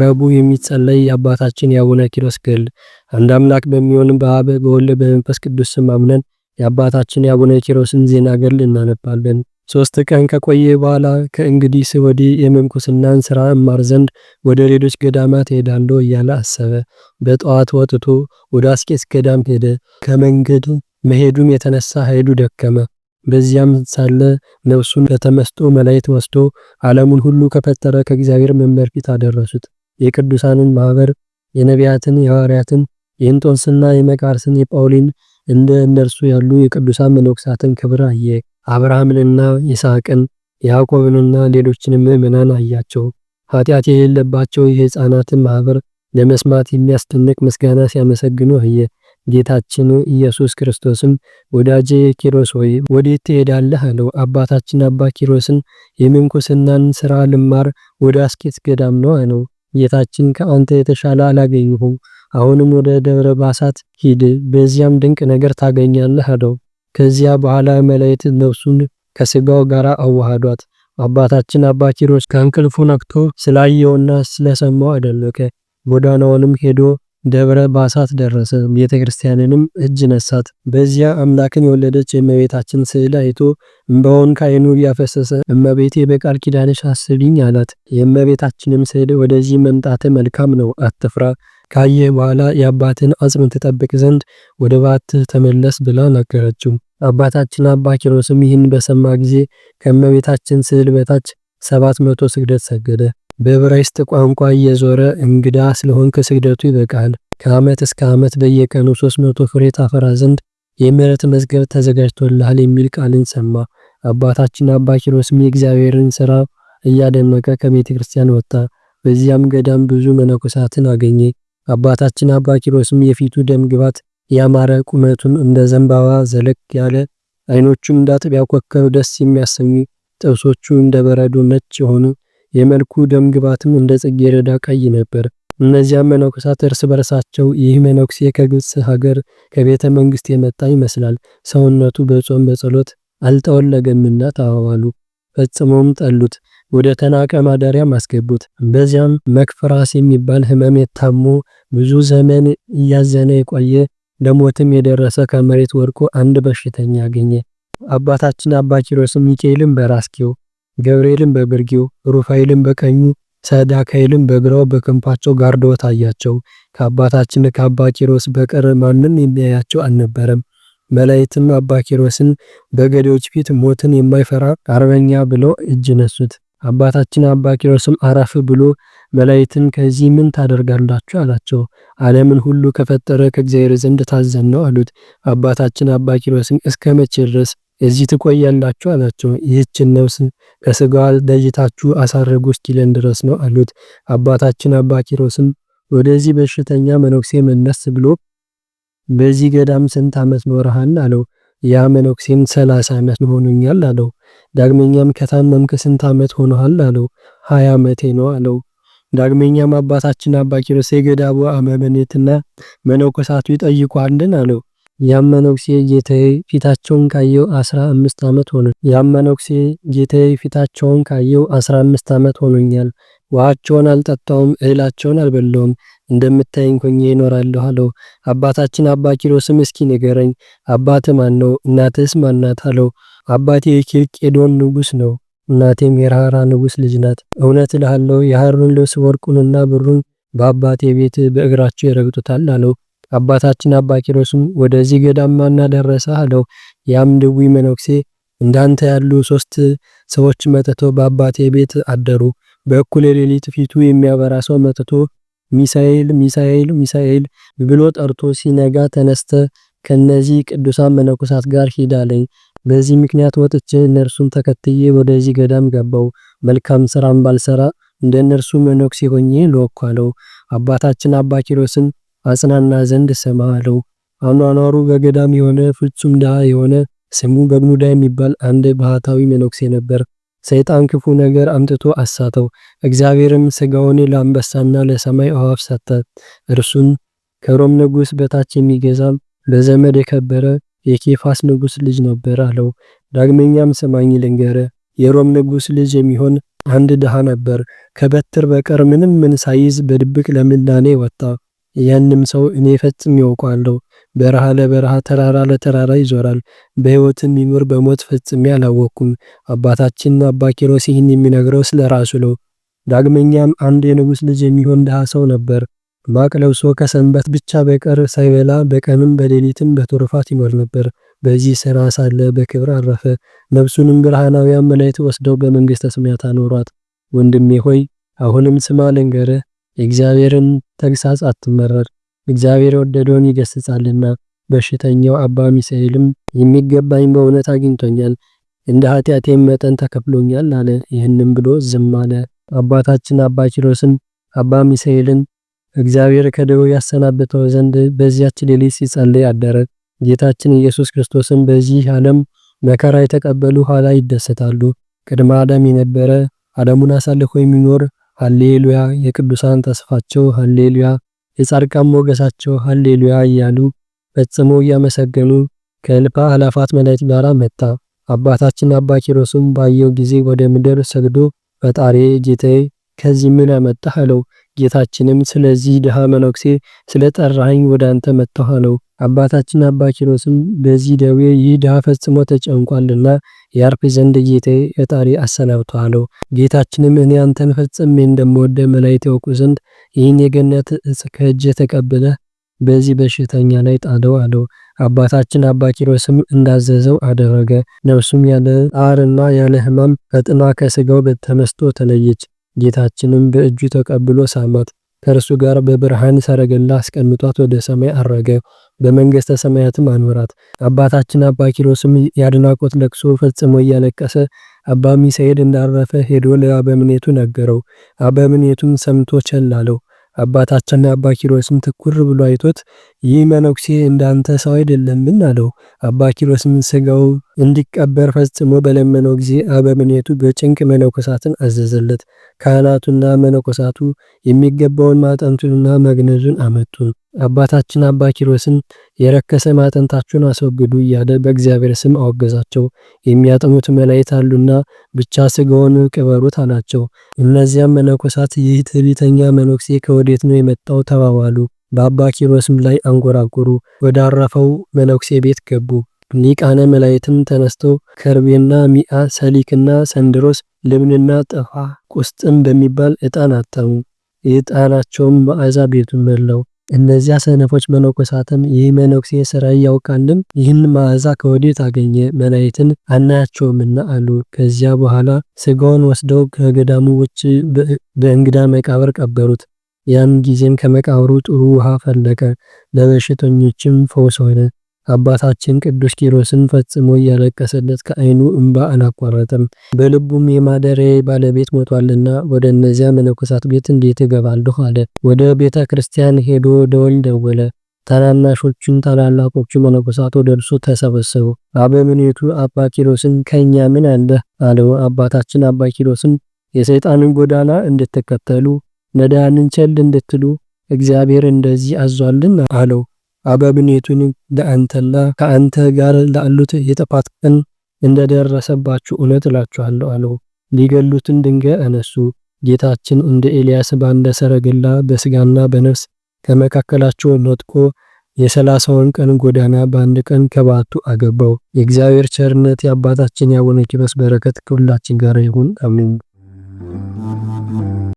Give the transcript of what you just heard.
ረቡዕ የሚጸለይ የአባታችን የአቡነ ኪሮስ ገድል። አንድ አምላክ በሚሆን በአብ በወልድ በመንፈስ ቅዱስ ስም አምነን የአባታችን የአቡነ ኪሮስን ዜና ገድል እናነባለን። ሶስት ቀን ከቆየ በኋላ ከእንግዲህ ወዲህ የምንኩስናን ስራ እማር ዘንድ ወደ ሌሎች ገዳማት ሄዳለሁ እያለ አሰበ። በጠዋት ወጥቶ ወደ አስቄስ ገዳም ሄደ። ከመንገድ መሄዱም የተነሳ ኃይሉ ደከመ። በዚያም ሳለ ነፍሱን በተመስጦ መላእክት ወስዶ ዓለሙን ሁሉ ከፈጠረ ከእግዚአብሔር መንበር ፊት አደረሱት። የቅዱሳንን ማህበር የነቢያትን፣ የሐዋርያትን፣ የእንጦንስና የመቃርስን፣ የጳውሊን እንደ እነርሱ ያሉ የቅዱሳን መነኮሳትን ክብር አየ። አብርሃምንና ይስሐቅን ያዕቆብንና ሌሎችንም ምዕመናን አያቸው። ኃጢአት የሌለባቸው የሕፃናትን ማህበር ለመስማት የሚያስደንቅ ምስጋና ሲያመሰግኑ አየ። ጌታችን ኢየሱስ ክርስቶስም ወዳጄ ኪሮስ ሆይ ወዴት ትሄዳለህ? አለው። አባታችን አባ ኪሮስን የምንኩስናን ስራ ልማር ወደ አስኬት ገዳም ነው አለው። ጌታችን ከአንተ የተሻለ አላገኘሁም፣ አሁንም ወደ ደብረ ባሳት ሂድ፣ በዚያም ድንቅ ነገር ታገኛለህ አለው። ከዚያ በኋላ መላእክት ነፍሱን ከስጋው ጋር አዋሃዷት። አባታችን አባ ኪሮስ ከእንቅልፉ ነቅቶ ስላየውና ስለሰማው አደነቀ። ጎዳናውንም ሄዶ ደብረ ባሳት ደረሰ። ቤተ ክርስቲያንንም እጅ ነሳት። በዚያ አምላክን የወለደች የእመቤታችን ስዕል አይቶ እምባውን ከዓይኑ እያፈሰሰ እመቤቴ በቃል ኪዳንሽ አስቢኝ አላት። የእመቤታችንም ስዕል ወደዚህ መምጣት መልካም ነው፣ አትፍራ ካየ በኋላ የአባትን አጽም ትጠብቅ ዘንድ ወደ ባት ተመለስ ብላ ነገረችው። አባታችን አባ ኪሮስም ይህን በሰማ ጊዜ ከእመቤታችን ስዕል በታች ሰባት መቶ ስግደት ሰገደ። በዕብራይስጥ ቋንቋ እየዞረ እንግዳ ስለሆንክ ስግደቱ ይበቃል። ከዓመት እስከ ዓመት በየቀኑ 300 ፍሬ ታፈራ ዘንድ የምሕረት መዝገብ ተዘጋጅቶልሃል የሚል ቃልን ሰማ። አባታችን አባ ኪሮስም የእግዚአብሔርን ሥራ እያደመቀ ከቤተ ክርስቲያን ወጣ። በዚያም ገዳም ብዙ መነኮሳትን አገኘ። አባታችን አባ ኪሮስም የፊቱ ግባት ያማረ ቁመቱም እንደ ዘንባባ ዘለቅ ያለ አይኖቹም እንዳጥቢያ ኮከብ ደስ የሚያሰኙ ጥርሶቹ እንደ በረዶ ነጭ የሆኑ የመልኩ ደም ግባትም እንደ ጽጌረዳ ቀይ ነበር። እነዚያም መነኮሳት እርስ በርሳቸው ይህ መነኩሴ ከግብፅ ሀገር ከቤተ መንግስት የመጣ ይመስላል፣ ሰውነቱ በጾም በጸሎት አልጠወለገምና ተባባሉ። ፈጽሞም ጠሉት። ወደ ተናቀ ማደሪያም አስገቡት። በዚያም መክፍራስ የሚባል ህመም የታሙ ብዙ ዘመን እያዘነ የቆየ ለሞትም የደረሰ ከመሬት ወድቆ አንድ በሽተኛ አገኘ። አባታችን አባ ኪሮስም ሚካኤልን በራስጌው ገብርኤልም በግርጌው፣ ሩፋኤልም በቀኙ፣ ሰዳካኤልም በግራው በክንፋቸው ጋርደው ታያቸው። ከአባታችን ከአባ ኪሮስ በቀር ማንም የሚያያቸው አልነበረም። መላእክትም አባ ኪሮስን ፊት ሞትን የማይፈራ አርበኛ ብለው እጅ ነሱት። አባታችን አባ ኪሮስም አረፍ ብሎ መላእክትን ከዚህ ምን ታደርጋላችሁ አላቸው። ዓለምን ሁሉ ከፈጠረ ከእግዚአብሔር ዘንድ ታዘን ነው አሉት። አባታችን አባ እስከመቼ እስከ መቼ ድረስ እዚህ ትቆያላችሁ አላቸው። ይህችን ነፍስ ከስጋዋ ለይታችሁ አሳረጉ እስኪለን ድረስ ነው አሉት። አባታችን አባ ኪሮስም ወደዚህ በሽተኛ መነኩሴ መነስ ብሎ በዚህ ገዳም ስንት ዓመት ኖረሃል አለው። ያ መነኩሴም ሰላሳ ዓመት ሆኖኛል አለው። ዳግመኛም ከታመምክ ስንት ዓመት ሆኖሃል አለው። ሀያ ዓመቴ ነው አለው። ዳግመኛም አባታችን አባ ኪሮስ የገዳቡ አበምኔትና መነኮሳቱ ይጠይቋልን አለው። ያመነኩሴ ጌታዬ ፊታቸውን ካየው አስራ አምስት ዓመት ሆነ። ያመነኩሴ ጌታዬ ፊታቸውን ካየው አስራ አምስት ዓመት ሆኖኛል። ውሃቸውን አልጠጣውም፣ እህላቸውን አልበላውም። እንደምታየኝ ኮኜ ይኖራለሁ አለው። አባታችን አባ ኪሮስም እስኪ ንገረኝ፣ አባት ማን ነው? እናትስ ማናት? አለው። አባቴ የኬልቄዶን ንጉሥ ነው፣ እናቴም የራራ ንጉሥ ልጅ ናት። እውነት እልሃለሁ የሐሩን ልብስ ወርቁንና ብሩን በአባቴ ቤት በእግራቸው ይረግጡታል አለው። አባታችን አባ ኪሮስም ወደዚህ ገዳማና ደረሰ አለው። ያም ድዊ መነኩሴ እንዳንተ ያሉ ሶስት ሰዎች መጥቶ በአባቴ ቤት አደሩ። በእኩለ ሌሊት ፊቱ የሚያበራ ሰው መጥቶ ሚሳኤል ሚሳኤል ሚሳኤል ብሎ ጠርቶ ሲነጋ ተነስተ ከነዚህ ቅዱሳን መነኮሳት ጋር ሂዳለኝ። በዚህ ምክንያት ወጥቼ እነርሱን ተከትዬ ወደዚህ ገዳም ገባው። መልካም ስራም ባልሰራ እንደ እነርሱ መነኩሴ ሆኜ ለወኳለው። አባታችን አባ ኪሮስን አጽናና ዘንድ ሰማለው። አኗኗሩ በገዳም የሆነ ፍጹም ድሃ የሆነ ስሙ በግኑዳ የሚባል አንድ ባህታዊ መነኩሴ ነበር። ሰይጣን ክፉ ነገር አምጥቶ አሳተው። እግዚአብሔርም ስጋውን ለአንበሳና ለሰማይ አዋፍ ሰጠ። እርሱም ከሮም ንጉሥ በታች የሚገዛም በዘመድ የከበረ የኬፋስ ንጉሥ ልጅ ነበር አለው። ዳግመኛም ስማኝ ልንገረ፣ የሮም ንጉሥ ልጅ የሚሆን አንድ ድሃ ነበር። ከበትር በቀር ምንም ምን ሳይዝ በድብቅ ለምናኔ ወጣ። ያንም ሰው እኔ ፈጽም ያውቀዋለሁ። በረሃ ለበረሃ ተራራ ለተራራ ይዞራል። በሕይወት የሚኖር በሞት ፈጽሜ አላወቅኩም። አባታችን አባ ኪሮስ ይህን የሚነግረው ስለ ራሱ ነው። ዳግመኛም አንድ የንጉሥ ልጅ የሚሆን ድሃ ሰው ነበር። ማቅ ለብሶ ከሰንበት ብቻ በቀር ሳይበላ በቀንም በሌሊትም በትሩፋት ይሞር ነበር። በዚህ ሥራ ሳለ በክብር አረፈ። ነፍሱንም ብርሃናውያን መላእክት ወስደው በመንግሥተ ሰማያት አኖሯት። ወንድሜ ሆይ አሁንም ስማ ልንገርህ የእግዚአብሔርን ተግሳጽ አትመረር፣ እግዚአብሔር የወደደውን ይገስጻልና። በሽተኛው አባ ሚሳኤልም የሚገባኝ በእውነት አግኝቶኛል፣ እንደ ኃጢአቴም መጠን ተከፍሎኛል አለ። ይህንም ብሎ ዝም አለ። አባታችን አባ አባ ሚሳኤልን እግዚአብሔር ከደዌው ያሰናብተው ዘንድ በዚያች ሌሊት ሲጸልይ አደረ። ጌታችን ኢየሱስ ክርስቶስም በዚህ ዓለም መከራ የተቀበሉ ኋላ ይደሰታሉ። ቅድመ አዳም የነበረ ዓለሙን አሳልፎ የሚኖር ሃሌሉያ የቅዱሳን ተስፋቸው፣ ሃሌሉያ የጻድቃን ሞገሳቸው፣ ሃሌሉያ እያሉ ፈጽሞ እያመሰገኑ ከልፓ አእላፋት መላእክት ጋር መጣ። አባታችን አባ ኪሮስም ባየው ጊዜ ወደ ምድር ሰግዶ ፈጣሪ ጌታዬ ከዚህ ምን አመጣህ አለው። ጌታችንም ስለዚህ ድሃ መነኩሴ ስለጠራኸኝ ወደ አንተ መጣሁ አለው። አባታችን አባ ኪሮስም በዚህ ደዌ ይህ ድሃ ፈጽሞ ተጨንቋልና ያርፍ ዘንድ ጌታዬ ፈጣሪ አሰናብቶ ጌታችንም እኔ አንተን ፈጽሜ እንደምወደ መላእክት ያውቁ ዘንድ ይህን የገነት እጽ ከእጄ ተቀብለ በዚህ በሽተኛ ላይ ጣለው አለው። አባታችን አባ ኪሮስም እንዳዘዘው አደረገ። ነፍሱም ያለ ጣርና ያለ ሕማም ፈጥና ከስጋው ተመስጦ ተለየች። ጌታችንም በእጁ ተቀብሎ ሳማት። ከእርሱ ጋር በብርሃን ሰረገላ አስቀምጧት ወደ ሰማይ አረገ። በመንግሥተ ሰማያትም አኖራት። አባታችን አባ ኪሮስም የአድናቆት ለቅሶ ፈጽሞ እያለቀሰ አባ ሚሳኤል እንዳረፈ ሄዶ ለአበምኔቱ ነገረው። አበምኔቱም ሰምቶ ቸል አለው። አባታችን አባ ኪሮስም ትኩር ብሎ አይቶት ይህ መነኩሴ እንዳንተ ሰው አይደለምን? አለው። አባ ኪሮስም ስጋው እንዲቀበር ፈጽሞ በለመነው ጊዜ አበምኔቱ በጭንቅ መነኮሳትን አዘዘለት። ካህናቱና መነኮሳቱ የሚገባውን ማጠንቱንና መግነዙን አመጡ። አባታችን አባ ኪሮስን የረከሰ ማጠንታችሁን አስወግዱ እያለ በእግዚአብሔር ስም አወገዛቸው። የሚያጠኑት መላእክት አሉና ብቻ ስጋውን ቅበሩት አላቸው። እነዚያም መነኮሳት ይህ ትዕቢተኛ መነኩሴ ከወዴት ነው የመጣው? ተባባሉ። በአባ ኪሮስም ላይ አንጎራጎሩ። ወዳረፈው መነኩሴ ቤት ገቡ። ሊቃነ መላእክትም ተነስተው ከርቤና ሚአ፣ ሰሊክና ሰንድሮስ፣ ልብንና ጠፋ ቁስጥም በሚባል ዕጣን አተሙ። የዕጣናቸውም መዓዛ ቤቱን መላው። እነዚያ ሰነፎች መነኮሳትም ይህ መነኩሴ ስራ ያውቃልም፣ ይህን መዓዛ ከወዴት አገኘ? መላእክትን አናያቸውምና አሉ። ከዚያ በኋላ ስጋውን ወስደው ከገዳሙ ውጭ በእንግዳ መቃብር ቀበሩት። ያን ጊዜም ከመቃብሩ ጥሩ ውሃ ፈለቀ፣ ለበሽተኞችም ፈውስ ሆነ። አባታችን ቅዱስ ኪሮስን ፈጽሞ እያለቀሰለት ከዓይኑ እንባ አላቋረጠም። በልቡም የማደሬ ባለቤት ሞቷልና ወደ እነዚያ መነኮሳት ቤት እንዴት እገባለሁ አለ። ወደ ቤተ ክርስቲያን ሄዶ ደወል ደወለ። ታናናሾቹን ታላላቆቹ መነኮሳት ወደ እርሱ ተሰበሰቡ። አበምኔቱ አባ ኪሮስን ከእኛ ምን አለ አለው። አባታችን አባ ኪሮስን የሰይጣንን ጎዳና እንድትከተሉ ነዳያንን ቸል እንድትሉ እግዚአብሔር እንደዚህ አዟልን አለው። አበብኔቱን ለአንተና ከአንተ ጋር ላሉት የጥፋት ቀን እንደደረሰባችሁ እውነት እላችኋለሁ አለው። ሊገሉትን ድንጋይ አነሱ። ጌታችን እንደ ኤልያስ ባለ ሰረገላ በስጋና በነፍስ ከመካከላቸው ነጥቆ የሰላሳውን ቀን ጎዳና በአንድ ቀን ከባቱ አገባው። የእግዚአብሔር ቸርነት የአባታችን የአቡነ ኪሮስ በረከት ከሁላችን ጋር ይሁን። አሜን።